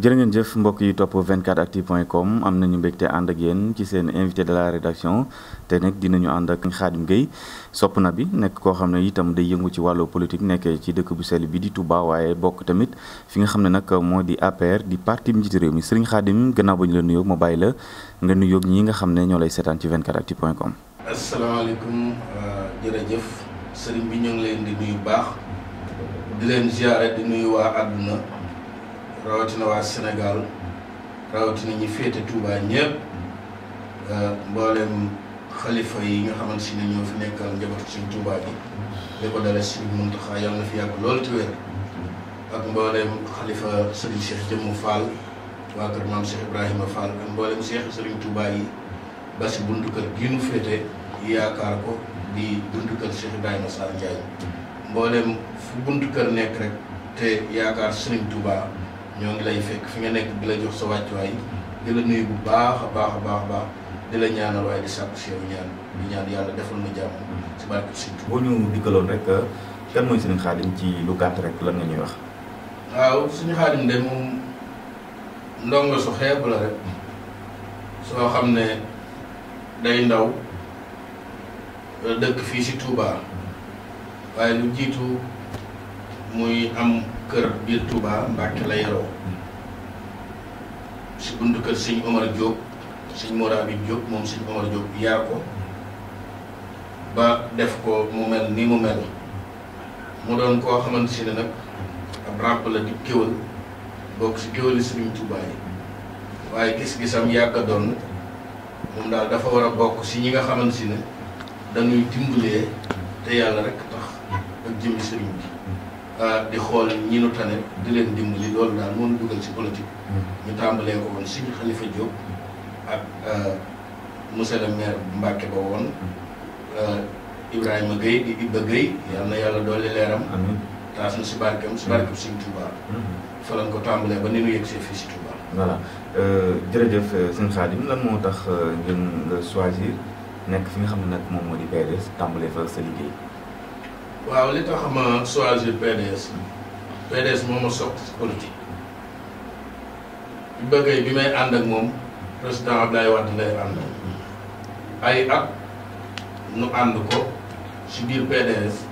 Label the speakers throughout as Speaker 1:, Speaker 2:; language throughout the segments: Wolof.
Speaker 1: jërë ngeen jëf mbokk yi topp 24actu point com am nañu mbégte ànd ak yéen ci seen invité de la rédaction te nag dinañu ànd ak Khadim Gueye sopp na bi nekk koo xam ne itam day yëngu ci wàllu politique nekkee ci dëkk bu sell bi di Touba waaye bokk tamit fi nga xam ne nag moo di APR di parti njiitu réew mi Serigne Khadim gannaaw ba ñu la nuyoo ma bàyyi la nga nuyoog ñi nga xam ne ñoo lay seetaan ci 24actu point com.
Speaker 2: asalaamaaleykum euh, jërëjëf Serigne bi ñu ngi leen di leen di nuyu rawatina waa Sénégal rawatina ñi féete tuubaa ñëpp mm-hmm. euh, mboolem xalifa yi nga xamante si ne ñoo fi nekkal njabootu suñ Touba bi li ko dale Sëriñ Muntaxa yàlla na fi yàgg loolu ci wér mm-hmm. ak mboolem xalifa Serigne Cheikh Jëmmu Fall waa kër maam Cheikh Ibrahima Fall ak mboolem Cheikh Serigne yi ba si buntu kër gii nu féete yaakaar ko di buntu kër Cheikh Ibrahima Sall Ndiaye mm-hmm. mboolem fu buntu kër nekk rek te yaakaar Serigne Touba. ñoo ngi lay fekk fi nga nekk di la jox sa wàccuwaay di la nuyu bu baax baax a baax baax di la ñaanal waaye di sàkku si yow ñaan di ñaan yàlla defal na jàmm si barke surtout boo ñu dikkaloon rek kan mooy ci lu gàtt rek lan nga ñuy wax waaw suñu xaadim su xeeb xam ne day ndaw dëkk fii si tuuba waaye lu jiitu muy am kër biir Touba Mbàkke la yaroo si buntu kër sëñ Omar Diop sëñ Mora bi moom sëñ Omar Diop yaa ko ba def ko mu mel ni mu mel mu doon koo xamante si ne nag ab ràbb la di kéwal bokk si kéwali sëriñ Touba yi waaye gis-gisam yàgg a doon moom daal dafa war a bokk si ñi nga xaman si ne dañuy dimbalee te yàlla rek tax ak jëmmi sëriñ bi Euh, di xool ñi nu tane di leen dimbali loolu daal moo ñu ci politique. Hmm. ñu tàmbalee ko woon suñu Xalifa Diop ak euh, monsieur le maire ba woon hmm. euh, Ibrahima Gueye di Ibba Gueye yal na yàlla dolli leeram. taas na si barkeem si barkeem suñu Touba. Hmm. fa lañ ko tàmbalee ba ni nu yegg
Speaker 1: see fii si Touba. voilà jërëjëf sëñ Khadim lan moo tax ngeen nga choisir nekk fi nga xam ne nag moom moo di PDS tàmbalee fa sa liggéey.
Speaker 2: waaw li tax ma choisir PDS PDS moo ma sopp ci politique bi bëggee bi may ànd ak moom président Abdoulaye Wade lay ànd ay at nu ànd ko ci biir PDS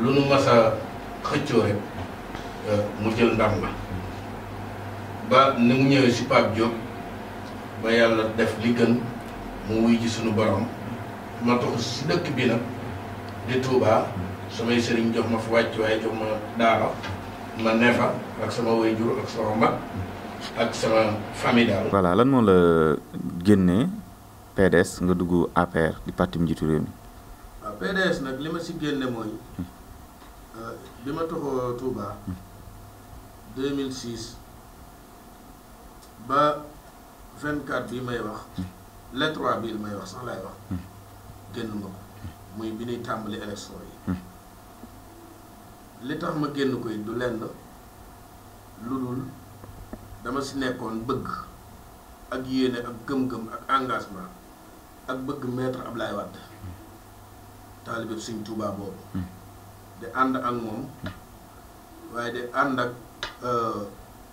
Speaker 2: lu nu mas xëccoo rek euh, mu jël ndam la ba ni mu ñëwee ci Pape Diop ba yàlla def li gën mu wuy ji suñu borom ma taxu ci dëkk bi nag di Touba. samay sëriñ jox ma fi wàcc waaye jox ma daara ma ne fa ak sama waajur ak sama ak sama famille daal. voilà
Speaker 1: lan moo la génnee PDS nga dugg APR di parti njiitu réew mi.
Speaker 2: waaw ah, nag li ma si génne mooy euh, bi ma toxoo Touba 2006 ba 24 bi may wax le 3 bi may wax sax wax génn ma ko muy bi ñuy tàmbali élection yi. li tax ma génn koy du lenn lu dul dama si nekkoon bëgg ak yéene ak gëm-gëm ak engagement ak bëgg maître Ablaye Wade taalibe Sëñ Tuubaa boobu di ànd ak moom waaye di ànd ak euh,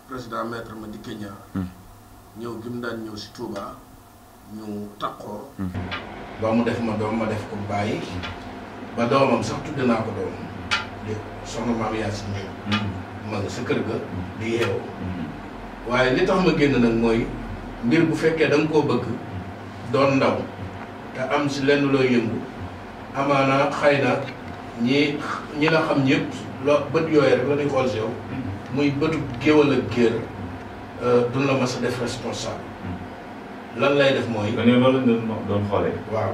Speaker 2: président maître Madické Niang ñëw gi mu daan ñëw si Touba ñu takkoo ba mu def ma doom ma def ko bàyyi ba doomam sax tudd naa ko doom di maam yaa si ñëw mm-hmm. ma nga sa kër ga di mm-hmm. yeewu mm-hmm. waaye li tax ma génn nag mooy mbir bu fekkee da nga koo bëgg doon ndaw te am si lenn loo yëngu amaana xëy na ñi ñi la xam ñëpp loo bët yooyu rek la ñuy xool si yow muy bëtu géwal ak géer euh, duñ la mas a def responsable lan lay def mooy. dañoo loolu lañ doon doon xoolee. waaw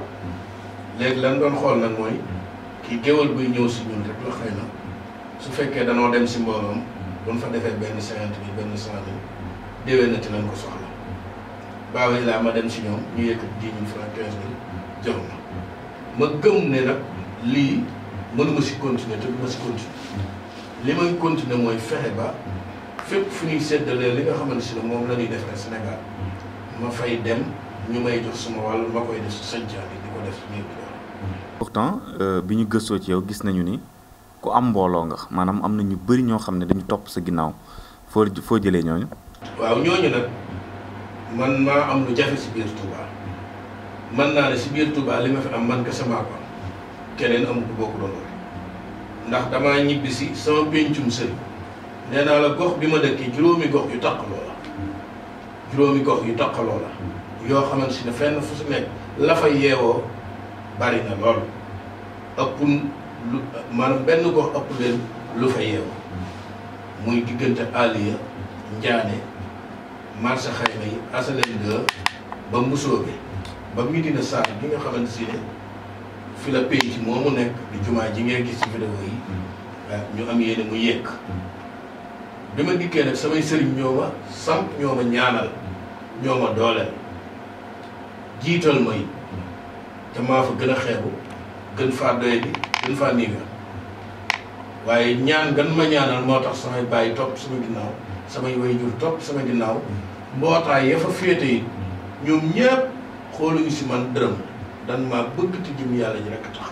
Speaker 2: léegi lan doon xool nag mooy. kii géwal buy ñëw si ñun rek la xëy na su fekkee danoo dem si mbooloom buñ fa defee benn cinquante mille benn cent mille déwénati nañ ko soxla baawee laa ma dem si ñoom ñu yëkkat dix mille franc quinze mille jox ma ma gëm ne nag lii mënuma si continuer te du ma si continuer li may continuer mooy fexe ba fépp fu ñuy séddalee li nga xaman si ne moom la ñuy defee Sénégal ma fay dem ñu may jox suma wàll ma koy def su sañcaan di ko def ñëpp
Speaker 1: pourtant euh, bi ñu gëstoo ci yow gis nañu ni ku am mbooloo nga maanaam am na ñu bari ñoo xam ne dañu topp sa ginnaaw foo foo jëlee ñooñu.
Speaker 2: waaw ñooñu nag man maa am lu jafe si biir Touba man naa ne si biir Touba li ma fi am man kese maa ko am keneen amu bokk doon waxee ndax damaa ñibbi sama pencum sëriñ nee naa la gox bi ma dëkkee juróomi gox yu taqaloo la juróomi gox yu taqaloo la yoo xamante ne fenn fu si nekk la fa yeewoo bari na lool. ëpp lu maanaam benn gox ëpp leen lu fa yeewu muy diggante Aliya Njaane marché xayma yi asaleen de ba mbusoo bi ba Medina Sarr bi nga xamante si ne fi la nekk di jumaa ji ngeen gis ci vidéo yi euh, ñu am yéene mu yëkk bi ma dikkee nag samay sëriñ ñoo ma samp ñoo ma ñaanal ñoo ma dooleel jiital ma te maa fa gën a xeebu gën faa doy bi gën faa niiga waaye ñaan gan ma ñaanal moo tax samay bàyyi topp sama ginnaaw samay waajur topp sama ginnaaw mbootaay ya fa féete yi ñoom ñëpp xooluñu si man dërëm dan maa bëgg te jëm yàlla ji rek tax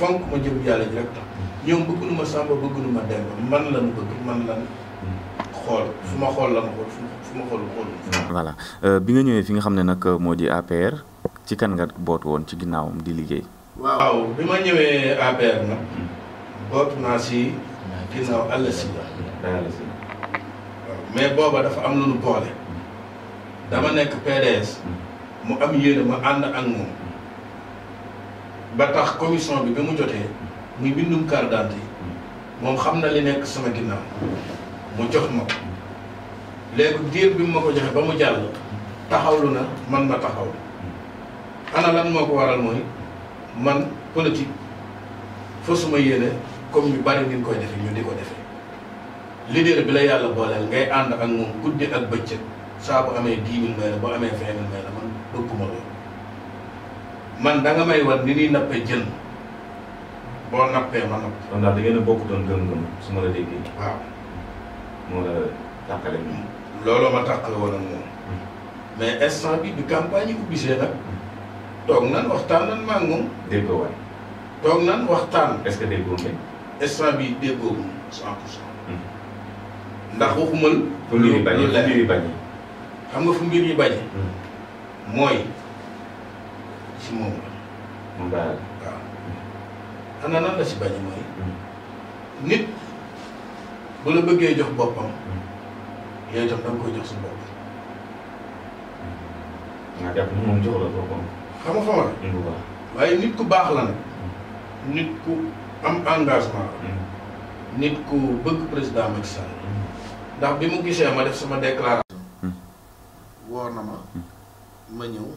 Speaker 2: fonk ma jëm yàlla ji rek tax ñoom bëgguñu ma sàmba bëgguñu ma demba man la bëgg man lan xool fu ma xool la xool fu ma xool xoolu
Speaker 1: euh, bi nga ñëwee fi nga xam ne nag moo di APR ci kan nga boot woon ci ginnaawam di liggéey
Speaker 2: waaw bi ma ñëwee APR nag bootu naa si ginnaaw àll si waaw mais booba dafa am lu nu boole dama nekk PDS mu am yéene ma ànd ak moom ba tax commission bi bi mu jotee muy bindum carte d'identité yi moom xam na li nekk sama ginnaaw mu jox ma ko léegi diir bi mu ma ko joxe ba mu jàll taxawlu na man ma taxawlu ana lan moo ko waral mooy man politique fa suma yéene comme ñu bari ngeen koy defee ñu di ko defee leader bi la yàlla booleel ngay ànd ak moom guddi ak bëccëg saa bu amee dix mille may la bu amee vingt mille may la man bëgguma loolu man da may war ni ñuy nappee jën boo nappee ma napp. kon daal da ngeen a bokk doon gëm-gëm su ma la déggee. waaw moo la tàqale moom. looloo ma tàqale woon ak moom hmm. mais instant bi bi campagne yi ko gisee nag. Hmm. toog nan waxtaan nan maa ngi moom. déggoo waay. toog nan waxtaan. est-ce que déggoo ngeen. instant bii hmm. ndax waxumal. fu mbir yi bañ fu mbir xam nga fu mbir yi hmm. mooy ci moom la. moom daal waaw. ana nan la ci bañ mooy. Hmm. nit bu la bëggee jox boppam. yooyu itam da koy jox sa bopp. nga jàpp ni moom jox la boppam. xam nga waaye nit ku baax la hmm. nit ku am engagement. Hmm. nit ku bëgg président Macky Sall. Hmm. ndax bi mu gisee ma def sama déclaration. woor na ma. ma ñëw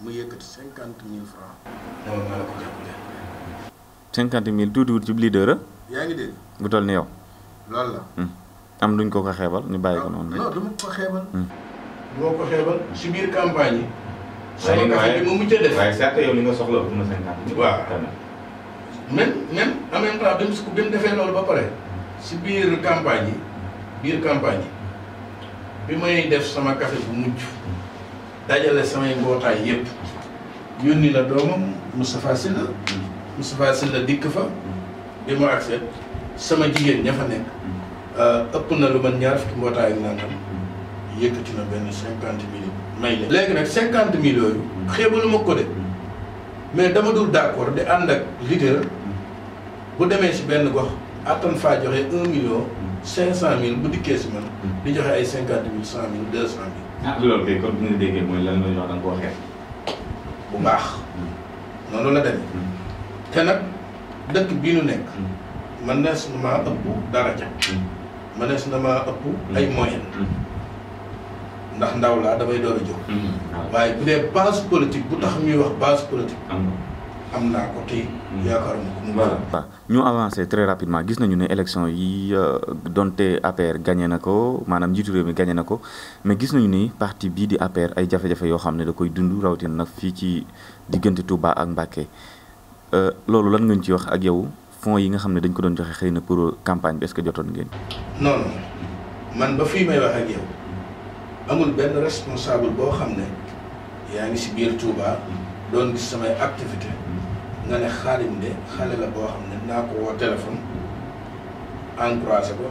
Speaker 2: mu yëkkati cinquante mille francs. dama naa la ko jàppale.
Speaker 1: cinquante mille tuuti wut ci leader yaa bu toll ni yow. am duñ ko ko xeebal ñu bàyyi ko ah, noonu. non du
Speaker 2: ko xeebal. du ko xeebal si biir campagne yi. sama café bi ma mujjee def waaye certes yow li nga soxla ëpp na cinquante waaw même même en même temps dem su ko bim defee loolu ba pare si biir campagne yi biir campagne yi bi may def sama café bu mujj dajale samay mbootaay yépp yónni la doomam Moustapha Sylla Moustapha Sylla dikk fa bi ma accepté sama jigéen ña fa nekk ëpp na lu man ñaar fukki mbootaay ak nangam yëkkati na benn cinquante mille may leen. léegi nag cinquante mille yooyu. xeebaluma ko de mais dama dul d'accord di ànd ak leader bu demee si benn gox attan faa joxe un million cinq cent mille bu dikkee si man di joxe ay cinquante mille cent mille deux cent mille. ah loolu kay kon bi nga déggee mooy lan la ñu wax da nga koo xeex. bu baax noonu la demee te nag dëkk bii nu nekk mënees na maa ëpp daraja mënees hmm. na maa ëpp ay hmm. moyen hmm. ndax ndaw laa damay door a jóg hmm, waaye bu dee base politique bu tax ñuy wax base politique am naa ko tey hmm. yaakaaruma ko
Speaker 1: mu gis nañu ne élection yi euh, donte APR gagné na ko maanaam njiitu mi gagné na ko mais gis nañu ni parti bii di APR ay jafe yoo xam ne da koy dund rawatina nag fii ci diggante Touba ak Mbacké euh, loolu lan ngañ ci wax ak yow fonds yi nga xam ne dañ ko doon joxe xëy na pour campagne bi est jotoon ngeen
Speaker 2: non man ba fii may wax ak yow amul benn responsable boo xam ne yaa ngi si biir Touba doon gis samay activité nga ne Xaadim de xale la boo xam ne naa ko woo téléphone encouragé ko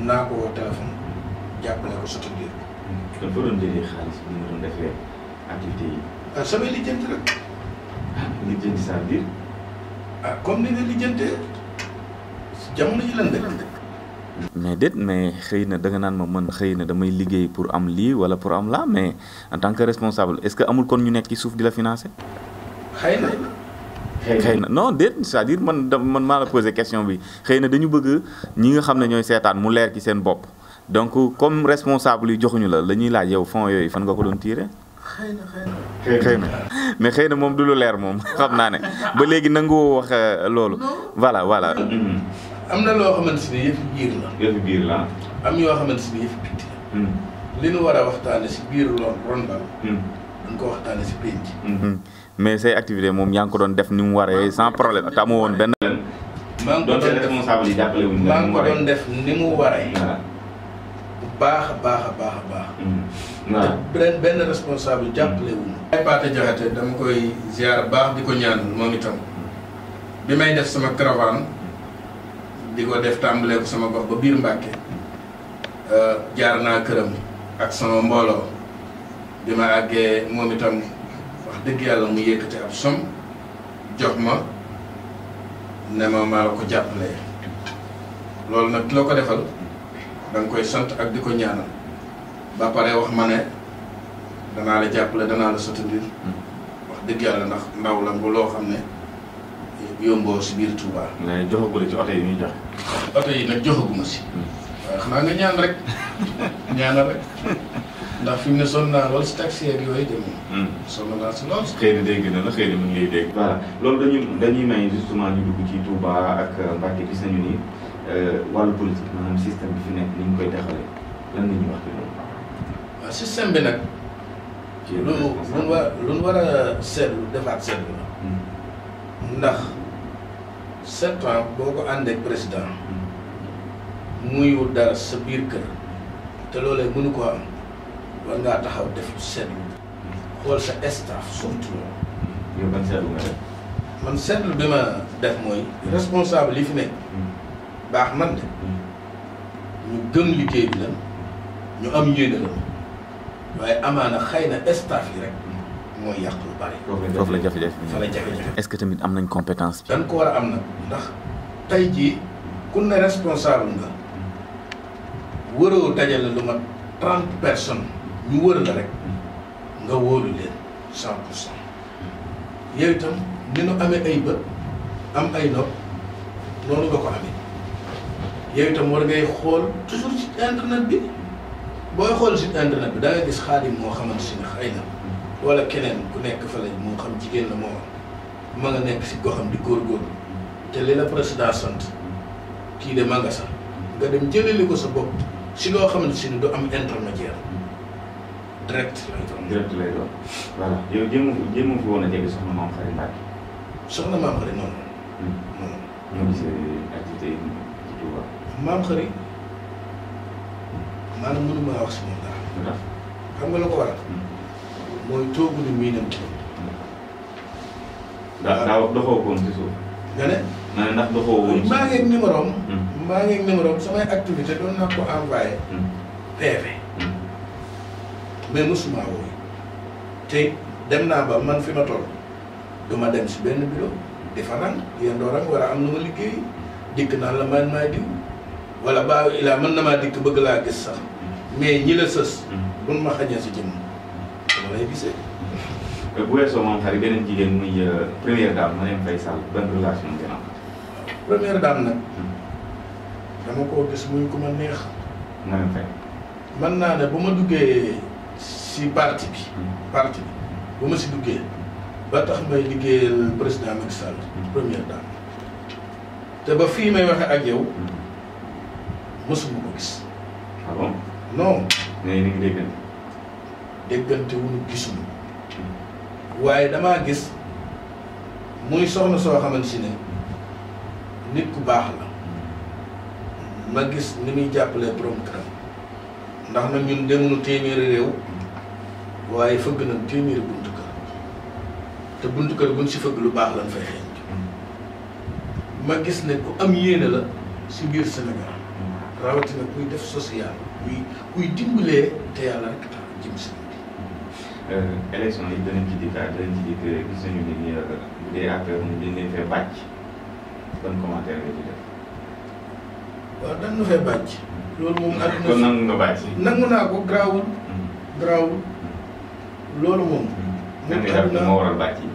Speaker 2: naa ko woo téléphone jàppale ko sotti biir. kon boo doon jëlee xaalis bi nga defee activité yi. ah samay lijjanti rek. Ah, lijjanti saa biir. ah comme ni nga lijjantee jamono ji lan dëkk.
Speaker 1: mais déet mais xëy na danga naan ma mën xëy na damay liggéey pour am lii wala pour am laa mais en tant que responsable est-ce que amul kon ñu nekk ci suuf di la financer. xëy na. xëy na non déet cest man da man maa la posé question bi xëy na dañu bëgg ñi nga xam ne ñooy seetaan mu leer ci seen bopp donc comme responsable yi joxuñu la la ñuy laaj yow fonds yooyu fan nga ko doon tiire
Speaker 2: xëy na xëy na
Speaker 1: mais xëy na moom du lu leer moom xam naa ne ba léegi nangu wax euh, loolu. voilà voilà.
Speaker 2: am na loo xamante ni yëf biir la. yëf biir la am yoo xamante ni yëf bitti hmm. li nu war a waxtaane si biir rondal. Hmm. dañ ko waxtaane si penc.
Speaker 1: Hmm. mais say activité moom yaa ngi ko doon def ni mu war sans problème te amoo woon benn. maa
Speaker 2: ngi ngi doon def ni mu waree. bu baax a baax a baax a baax. waaw benn responsable jàppale wu ñu. ay Pate dama koy ziar baax di ko ñaan moom itam bi may def sama caravane. di ko def tàmbalee sama gox ba biir Mbàkke euh, jaar naa këram ak sama mbooloo bi ma àggee moom itam wax dëgg yàlla mu ci ab som jox ma ne ma maa ko jàppalee loolu nag loo ko defal da koy sant ak di ko ñaanal ba pare wax ma ne danaa la jàppale danaa la sotandir hmm. wax dëgg yàlla ndax ndaw la bu loo xam ne yomboo si biir Touba. mais na joxagule ci oto yi ñuy jox. oto yi nag joxaguma si. Hmm. waaye nga ñaan rek ñaanal fi mu ne sonn naa lool si hmm. na
Speaker 1: la loolu dañuy dañuy may justement ci Touba ak Mbacke gis nañu ni euh, wàllu politique maanaam système bi fi
Speaker 2: nekk ni lu lu lu war a seetlu defaat seetlu la.
Speaker 1: Hmm.
Speaker 2: ndax. sept boo ko àndeek président muy wut dara sa biir kër te loolee mënu ko am war ngaa taxaw def lu seetlu xool sa staff surtout yow seetlu nga def man seetlu bi ma def mooy responsable yi fi nekk baax man de ñu gëm liggéey bi la ñu am yéene la waaye amaana xëy na staff yi rek mooy yàq lu bari. foofu la jafe-jafe bi la jafe-jafe.
Speaker 1: est-ce que tamit am nañ compétence bi. dañ
Speaker 2: ko war a am nag ndax tey jii ku ne responsable nga waroo dajale lu mat trente personnes ñu wër la rek nga wóolu leen cent pour cent yow itam ni nu amee ay bët am ay nopp noonu nga ko amee yow itam war ngay xool toujours ci internet bi booy xool ci internet bi da ngay gis xaadim moo xamante si ne xëy na. wala keneen ku nekk fële moo xam jigéen la moom ma nga nekk si goxam di góorgóorlu te li la président sant kii de ma sax nga dem jëleli ko sa bopp si loo xamante si ni du am intermédiaire direct lay doon. direct lay doon voilà yow jéem a jéem a fi woon a jege soxna maam Xari Mbacke. soxna maam Xari noonu. Hmm. noonu. ñoo maam Xari maanaam mënu wax si moom dara. xam nga lu ko waral. Hmm. mooy toogu ni miinante.
Speaker 1: ndax daaw doxoo woon ci doxoo woon ci maa ngi ak
Speaker 2: numéro am. samay activité doon naa ko envoyé. Hmm. PV. Hmm. mais mosuma wooyu te dem naa ba man fi ma toll du dem si benn bureau di fa rang war a am nu ma liggéey dikk naan la man maa diw wala baaw ilaa mën na maa dikk bëgg laa gis sax hmm. mais ñi la sës. buñ ma xañee si jëmm. révisé bu weesoo moom xarit beneen jigéen muy euh, première dame Marième Faye Sall ban relation ngeen am. première dame nag. Hmm. dama koo gis muy ku ma neex. Marième naa ne bu ma duggee si parti bi. Hmm. parti bi bu ma ci duggee ba tax may liggéeyal président Macky hmm. première dame. te ba fii may waxe ak yow. mësuma ko gis. ah bon non. mais ni ngi déggante. déggante wuñu gisuñu waaye damaa gis muy soxna soo xamante si ne nit ku baax la ma gis ni muy jàppalee borom ndax nag ñun demuñu téeméeri réew waaye fëgg nañ téeméeri buntu kër te buntu kër buñ si fëgg lu baax lañ fay xeeñ ma gis ne ku am yéene la si biir Sénégal rawatina kuy def social kuy kuy dimbalee te yàlla rek élection yi danañ ci dikkaat danañ ci dikk gis nañu ne nii
Speaker 1: bu dee affaire mu dañ leen fee bàcc ban commentaire nga ci def.
Speaker 2: waaw dañ ñu fee bàcc. loolu moom àdduna kon nangu nga bàcc. nangu naa ko garaawul. Hmm. garaawul loolu moom. Hmm. moom àdduna moo waral bàcc yi.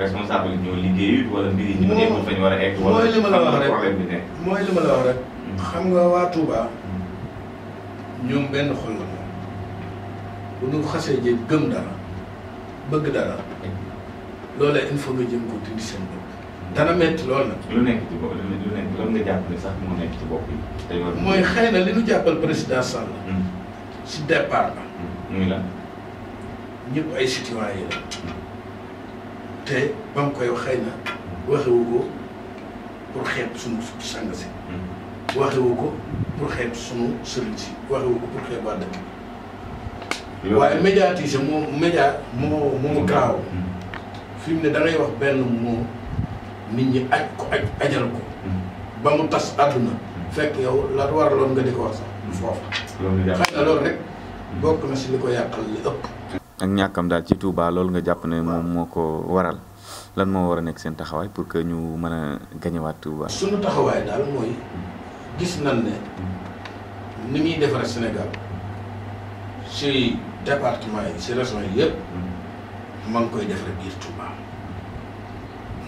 Speaker 1: responsable ñoo liggéeyut wala mbir yi ñu nekkul fa ñu war a egg. wala mooy li ma la wax rek
Speaker 2: mooy li ma la wax rek. Hmm. xam nga waa Touba ñoom benn xol la. bu ñu xasee jéem gëm dara bëgg dara loolu il faut nga jëm ko dindi seen bopp dana métti lool nag. lu nekk ci bopp lu nekk lan nga jàpp ne sax moo nekk ci bopp yi. mooy xëy na li ñu jàppal président Sall. Hmm. si départ ba. Hmm. muy la ñëpp ay citoyen la. te ba koy wax xëy na waxewu ko pour xeeb suñu sang hmm. si. waxewu ko pour xeeb suñu sëriñ si waxewu ko waaye médiatiser moo média moo moo garaaw mm. fi mu ne da wax benn moo nit ñi aj ko aj ajal ko mm. ba mu tas àdduna mm. fekk yow la waraloon nga di ko wax sax du foofu xëy na loolu rek bokk na si li ko yàqal li ëpp
Speaker 1: ak ñàkkam daal ci Touba loolu nga jàpp ne moom moo ko waral lan moo war a nekk seen taxawaay pour que ñu mën a gañewaat Touba suñu taxawaay daal mooy
Speaker 2: gis nan ne ni muy defaree Sénégal si département yi si région yi yëpp ma ngi koy defare biir Touba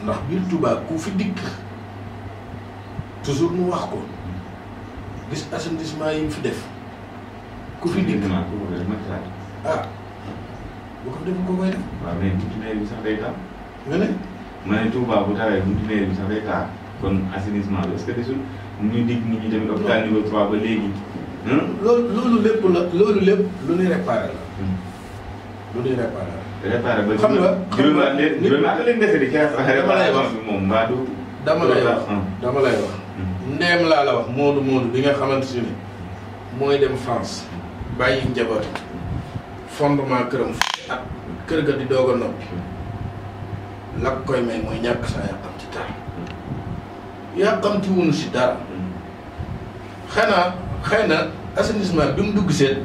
Speaker 2: ndax biir Touba ku fi dikk toujours mu wax ko gis assainissement yi mu fi def ku fi dikk ah bu ko def ko koy def waaw mais buntu meer bi sax day taa nga ne
Speaker 1: ma ne Touba bu tawee buntu meer bi sax day taa kon assainissement bi est-ce que desul ñu digg nit ñi tamit hôpital niveau 3 ba léegi Hmm?
Speaker 2: loolu loolu lépp la loolu lépp lu ñuy réparé la. Hmm. lu
Speaker 1: ñuy réparé la. réparé ba xam nga xam nga li li ma leen defee di ci
Speaker 2: réparé moom mbaa du. dama lay wax hmm. dama lay wax. ndeem laa la wax Moodu Moodu bi nga xamante ne mooy dem France bàyyi njaboot fondement këram ak kër ga di doog a noppi la koy may mooy ñàkk saa yàqam ci dara yàqamti wuñu si dara xanaa xëy na assainissement bi mu dugg seet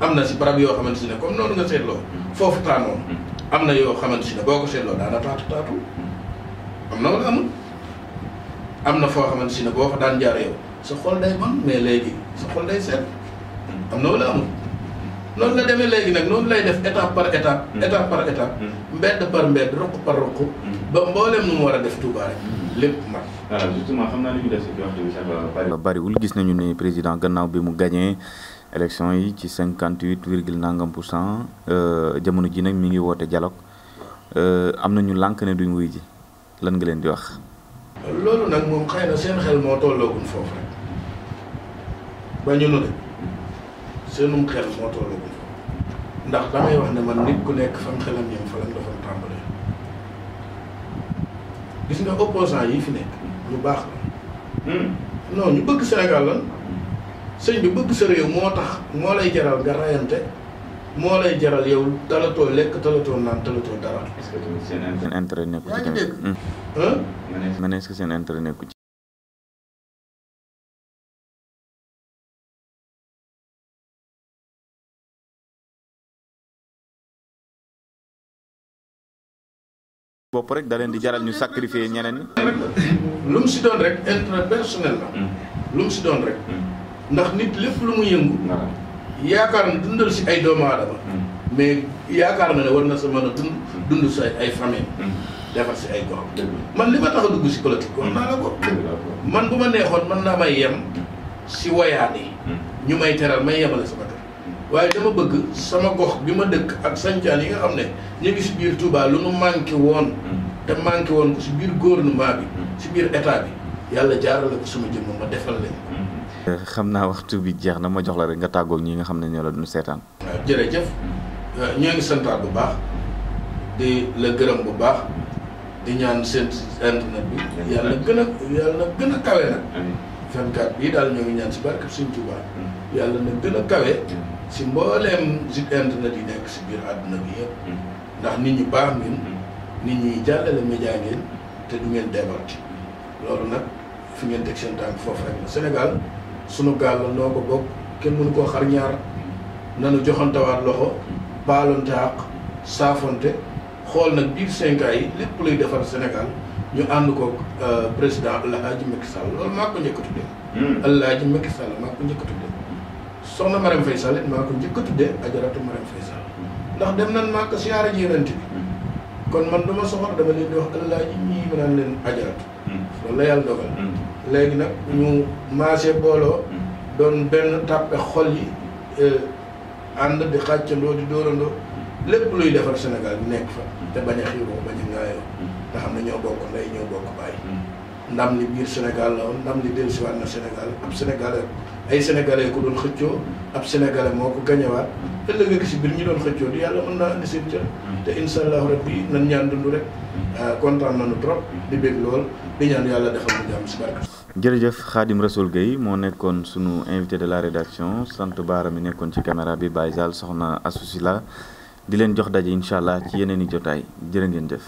Speaker 2: am na si barab yoo xamante ne comme noonu nga seetloo mm-hmm. foofu taanoon mm-hmm. am na yoo xamante ne boo ko seetloo daana taatu taatu mm-hmm. am na wala amul am na foo xamante ne boo ko daan jaar yow sa xol day bon mais léegi sa xol day seet am na wala amul noonu la demee léegi nag noonu lay def étape par étape. Hmm. étape par étape. Hmm. mbedd par mbedd roq par roq. Hmm. ba mboolem nu mu war a def Touba rek. lépp mat. voilà ah, ñu def si
Speaker 1: gis nañu ne président gannaaw bi mu gagné élection yi ci cinquante huit virgule nangam pour cent euh, jamono ji nag mi ngi woote dialogue euh, am na ñu lànk ne duñ wuy ji lan nga leen di wax.
Speaker 2: loolu nag moom xëy na seen xel moo tollooguñ foofu rek ba ñu nu de. seenum xel moo toll bi ndax damay wax ne man nit ku nekk fam xelam yam fa lañ dafa tàmbalee gis nga opposant yi fi nekk lu baax la hmm? ñu bëgg Sénégal lan sëñ bi bëgg sa réew moo tax moo lay jaral nga rayante moo lay jaral yow talatoo lekk talatoo naan talatoo dara. est-ce que seen
Speaker 1: intérêt nekku ci tamit. ma ne est seen intérêt nekku ci. bopp rek da leen di jaral ñu sacrifier ñeneen
Speaker 2: ñi. si doon rek intérêt personnel la. Hmm. lu si doon rek. Hmm. ndax nit lépp lu mu yëngu. yaakaar na dundal si ay doomu aadama. Hmm. mais yaakaar na ne war na sa mën a dund dund si ay famille. defar si ay gox. man li ma tax a dugg si politique wax naa la ko. man bu ma neexoon mën naa may yem si woyaan yi. ñu may teral may yemale sama waaye dama bëgg sama gox bi ma dëkk ak sancaan yi nga xam ne ñu si biir tuubaa lu nu manqué woon mm. te manqué woon ko si biir gouvernement bi mm. si biir état bi yàlla jaarale ko suma jëmm ma mm.
Speaker 1: xam naa waxtu bi jeex na ma jox la rek nga tàggoog ñi nga xam ne ñoo la duñu seetaan
Speaker 2: waaw jëf ñoo ngi santaat bu baax di la gërëm bu baax di ñaan seen internet bi yàlla gën a yàlla gën a kawe nag 24 bii daal ñoo ngi ñaan si barke Sëñ Touba yàlla na gën a kawe si mbooleem site internet yi nekk ci biir àdduna bi yëpp mm-hmm. ndax nit ñu baax ngeen mm-hmm. nit ñuy jàllale média ngeen te du ngeen débarti mm-hmm. loolu nag fi ngeen teg seen tànk foofu rek la Sénégal sunu gaal la noo ko bokk kenn mënu koo xar ñaar nanu joxantawaat loxo baalonte àq saafonte xool nag biir cinq ans yi lépp luy defar Sénégal ñu ànd ko euh, président El Hadj Macky Sall loolu maa ko njëkk a tuddee. El Hadj Macky Sall maa ko njëkk a tuddee soxna Marème Faye Sall it maa ko njëkk a tuddee ajaratu Marème Faye Sall ndax dem nan maa ko siyaare ji yonent bi kon man du ma soxor dama leen di wax alaaji ñii ma leen ajaratu loolu la yàlla dogal léegi nag ñu maase booloo doon benn tàppe xol yi eh, ànd di xàccandoo di dóorandoo lépp luy defar Sénégal bi nekk fa te bañ a xiiroo bañ a ngaayoo nga xam ne ñoo bokk ndey ñoo bokk bàyyi ndam li biir Sénégal la woon ndam li dellusiwaat na Sénégal ab Sénégalais ay Sénégalais ab moo ko gañewaat ëllëg ak si biir ñi doon xëccoo di yàlla mën naa indi seen cër te incha allahu rabbi nan ñaan dund rek ah, kontaan nañu trop di bég lool di ñaan yàlla defal mu jàmm si barke
Speaker 1: jërëjëf Khadim Rassoul Gueye moo nekkoon sunu invité de la rédaction sant baara mi nekkoon ci caméra bi Baye Sall soxna Asusi la di leen jox daje incha allah ci yeneen i jotaay jërë ngeen